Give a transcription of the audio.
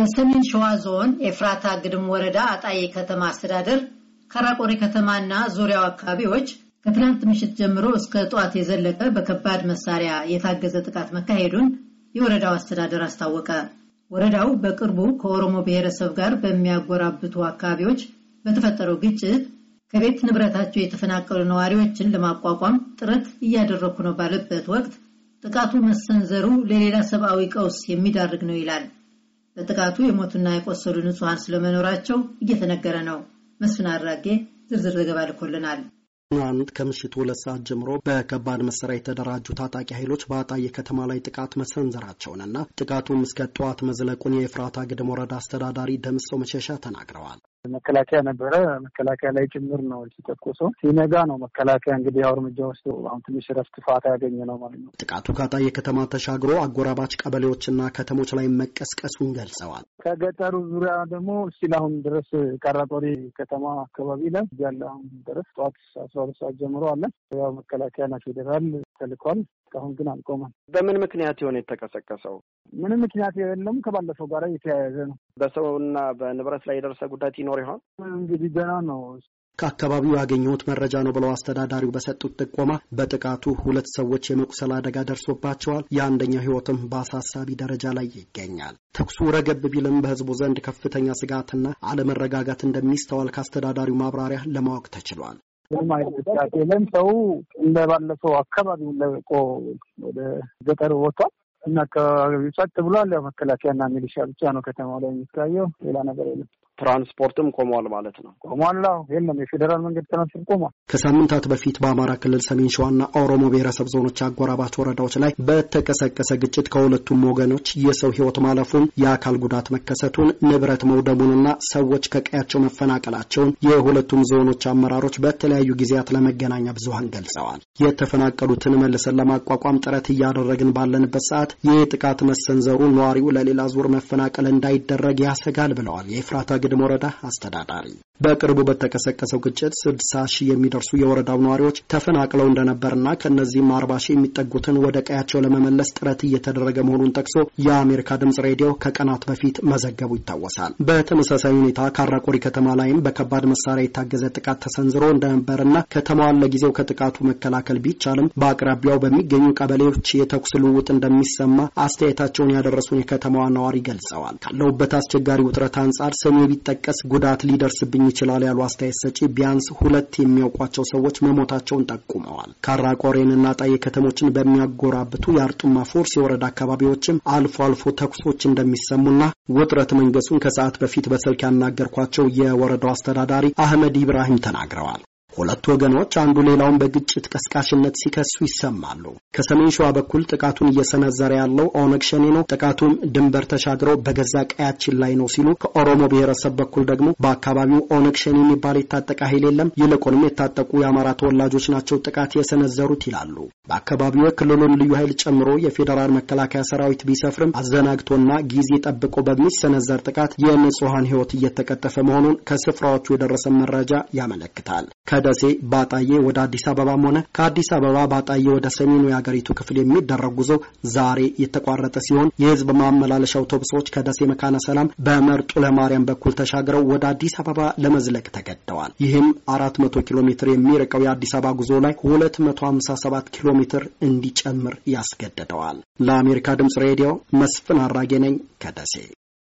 በሰሜን ሸዋ ዞን ኤፍራታ ግድም ወረዳ አጣዬ ከተማ አስተዳደር ከራቆሬ ከተማና ዙሪያው አካባቢዎች ከትናንት ምሽት ጀምሮ እስከ ጠዋት የዘለቀ በከባድ መሳሪያ የታገዘ ጥቃት መካሄዱን የወረዳው አስተዳደር አስታወቀ። ወረዳው በቅርቡ ከኦሮሞ ብሔረሰብ ጋር በሚያጎራብቱ አካባቢዎች በተፈጠረው ግጭት ከቤት ንብረታቸው የተፈናቀሉ ነዋሪዎችን ለማቋቋም ጥረት እያደረግኩ ነው ባለበት ወቅት ጥቃቱ መሰንዘሩ ለሌላ ሰብአዊ ቀውስ የሚዳርግ ነው ይላል። በጥቃቱ የሞቱና የቆሰሉ ንጹሐን ስለመኖራቸው እየተነገረ ነው። መስፍን አድራጌ ዝርዝር ዘገባ ልኮልናል። ትናንት ከምሽቱ ሁለት ሰዓት ጀምሮ በከባድ መሳሪያ የተደራጁ ታጣቂ ኃይሎች በአጣዬ ከተማ ላይ ጥቃት መሰንዘራቸውንና ጥቃቱም እስከ ጠዋት መዝለቁን የኤፍራታ ግድም ወረዳ አስተዳዳሪ ደምሰው መሸሻ ተናግረዋል። መከላከያ ነበረ። መከላከያ ላይ ጭምር ነው የተተኮሰው። ሲነጋ ነው መከላከያ እንግዲህ ያው እርምጃ ወስዶ አሁን ትንሽ ረፍት ፋታ ያገኘ ነው ማለት ነው። ጥቃቱ ካጣዬ ከተማ ተሻግሮ አጎራባች ቀበሌዎችና ከተሞች ላይ መቀስቀሱን ገልጸዋል። ከገጠሩ ዙሪያ ደግሞ እስቲል አሁን ድረስ ቀራጦሪ ከተማ አካባቢ ላይ እያለ አሁን ድረስ ጠዋት አስራ ሁለት ሰዓት ጀምሮ አለ ያው መከላከያና ፌዴራል ተልኳል። እስካሁን ግን አልቆመም። በምን ምክንያት የሆነ የተቀሰቀሰው? ምንም ምክንያት የለም። ከባለፈው ጋር የተያያዘ ነው። በሰውና በንብረት ላይ የደረሰ ጉዳት ይኖር ይሆን? እንግዲህ ገና ነው ከአካባቢው ያገኘሁት መረጃ ነው ብለው አስተዳዳሪው በሰጡት ጥቆማ በጥቃቱ ሁለት ሰዎች የመቁሰል አደጋ ደርሶባቸዋል። የአንደኛው ሕይወትም በአሳሳቢ ደረጃ ላይ ይገኛል። ተኩሱ ረገብ ቢልም በሕዝቡ ዘንድ ከፍተኛ ስጋትና አለመረጋጋት እንደሚስተዋል ከአስተዳዳሪው ማብራሪያ ለማወቅ ተችሏል። ምንም አይነት የለም። ሰው እንደባለፈው አካባቢውን ለቆ ወደ ገጠሩ ወጥቷል እና አካባቢው ጸጥ ብሏል። ያው መከላከያና ሚሊሻ ብቻ ነው ከተማው ላይ የሚታየው፣ ሌላ ነገር የለም። ትራንስፖርትም ቆሟል ማለት ነው። ቆሟላ የለም የፌዴራል መንገድ ትራንስፖርት ቆሟል። ከሳምንታት በፊት በአማራ ክልል ሰሜን ሸዋና ኦሮሞ ብሔረሰብ ዞኖች አጎራባች ወረዳዎች ላይ በተቀሰቀሰ ግጭት ከሁለቱም ወገኖች የሰው ህይወት ማለፉን፣ የአካል ጉዳት መከሰቱን፣ ንብረት መውደሙንና ሰዎች ከቀያቸው መፈናቀላቸውን የሁለቱም ዞኖች አመራሮች በተለያዩ ጊዜያት ለመገናኛ ብዙሀን ገልጸዋል። የተፈናቀሉትን መልሰን ለማቋቋም ጥረት እያደረግን ባለንበት ሰዓት ይህ ጥቃት መሰንዘሩ ነዋሪው ለሌላ ዙር መፈናቀል እንዳይደረግ ያሰጋል ብለዋል። የፍራታ ግድም ወረዳ አስተዳዳሪ በቅርቡ በተቀሰቀሰው ግጭት ስድሳ ሺህ የሚደርሱ የወረዳው ነዋሪዎች ተፈናቅለው እንደነበርና ከእነዚህም አርባ ሺህ የሚጠጉትን ወደ ቀያቸው ለመመለስ ጥረት እየተደረገ መሆኑን ጠቅሶ የአሜሪካ ድምጽ ሬዲዮ ከቀናት በፊት መዘገቡ ይታወሳል። በተመሳሳይ ሁኔታ ካራቆሪ ከተማ ላይም በከባድ መሳሪያ የታገዘ ጥቃት ተሰንዝሮ እንደነበርና ከተማዋን ለጊዜው ከጥቃቱ መከላከል ቢቻልም በአቅራቢያው በሚገኙ ቀበሌዎች የተኩስ ልውውጥ እንደሚሰማ አስተያየታቸውን ያደረሱን የከተማዋ ነዋሪ ገልጸዋል። ካለውበት አስቸጋሪ ውጥረት አንጻር ሰሜ የሚጠቀስ ጉዳት ሊደርስብኝ ይችላል ያሉ አስተያየት ሰጪ ቢያንስ ሁለት የሚያውቋቸው ሰዎች መሞታቸውን ጠቁመዋል። ካራቆሬንና ጣዬ ከተሞችን በሚያጎራብቱ የአርጡማ ፎርስ የወረዳ አካባቢዎችም አልፎ አልፎ ተኩሶች እንደሚሰሙና ውጥረት መንገሱን ከሰዓት በፊት በስልክ ያናገርኳቸው የወረዳው አስተዳዳሪ አህመድ ኢብራሂም ተናግረዋል። ሁለቱ ወገኖች አንዱ ሌላውን በግጭት ቀስቃሽነት ሲከሱ ይሰማሉ። ከሰሜን ሸዋ በኩል ጥቃቱን እየሰነዘረ ያለው ኦነግ ሸኔ ነው። ጥቃቱም ድንበር ተሻግሮ በገዛ ቀያችን ላይ ነው ሲሉ፣ ከኦሮሞ ብሔረሰብ በኩል ደግሞ በአካባቢው ኦነግ ሸኔ የሚባል የታጠቀ ኃይል የለም፣ ይልቁንም የታጠቁ የአማራ ተወላጆች ናቸው ጥቃት የሰነዘሩት ይላሉ። በአካባቢው የክልሉን ልዩ ኃይል ጨምሮ የፌዴራል መከላከያ ሰራዊት ቢሰፍርም አዘናግቶና ጊዜ ጠብቆ በሚሰነዘር ጥቃት የንጹሐን ሕይወት እየተቀጠፈ መሆኑን ከስፍራዎቹ የደረሰ መረጃ ያመለክታል። ከደሴ ባጣዬ ወደ አዲስ አበባም ሆነ ከአዲስ አበባ ባጣዬ ወደ ሰሜኑ የአገሪቱ ክፍል የሚደረግ ጉዞ ዛሬ የተቋረጠ ሲሆን የህዝብ ማመላለሻ አውቶቡሶች ከደሴ መካነ ሰላም በመርጡ ለማርያም በኩል ተሻግረው ወደ አዲስ አበባ ለመዝለቅ ተገደዋል። ይህም አራት መቶ ኪሎ ሜትር የሚርቀው የአዲስ አበባ ጉዞ ላይ ሁለት መቶ ሀምሳ ሰባት ኪሎ ሜትር እንዲጨምር ያስገድደዋል። ለአሜሪካ ድምጽ ሬዲዮ መስፍን አራጌ ነኝ ከደሴ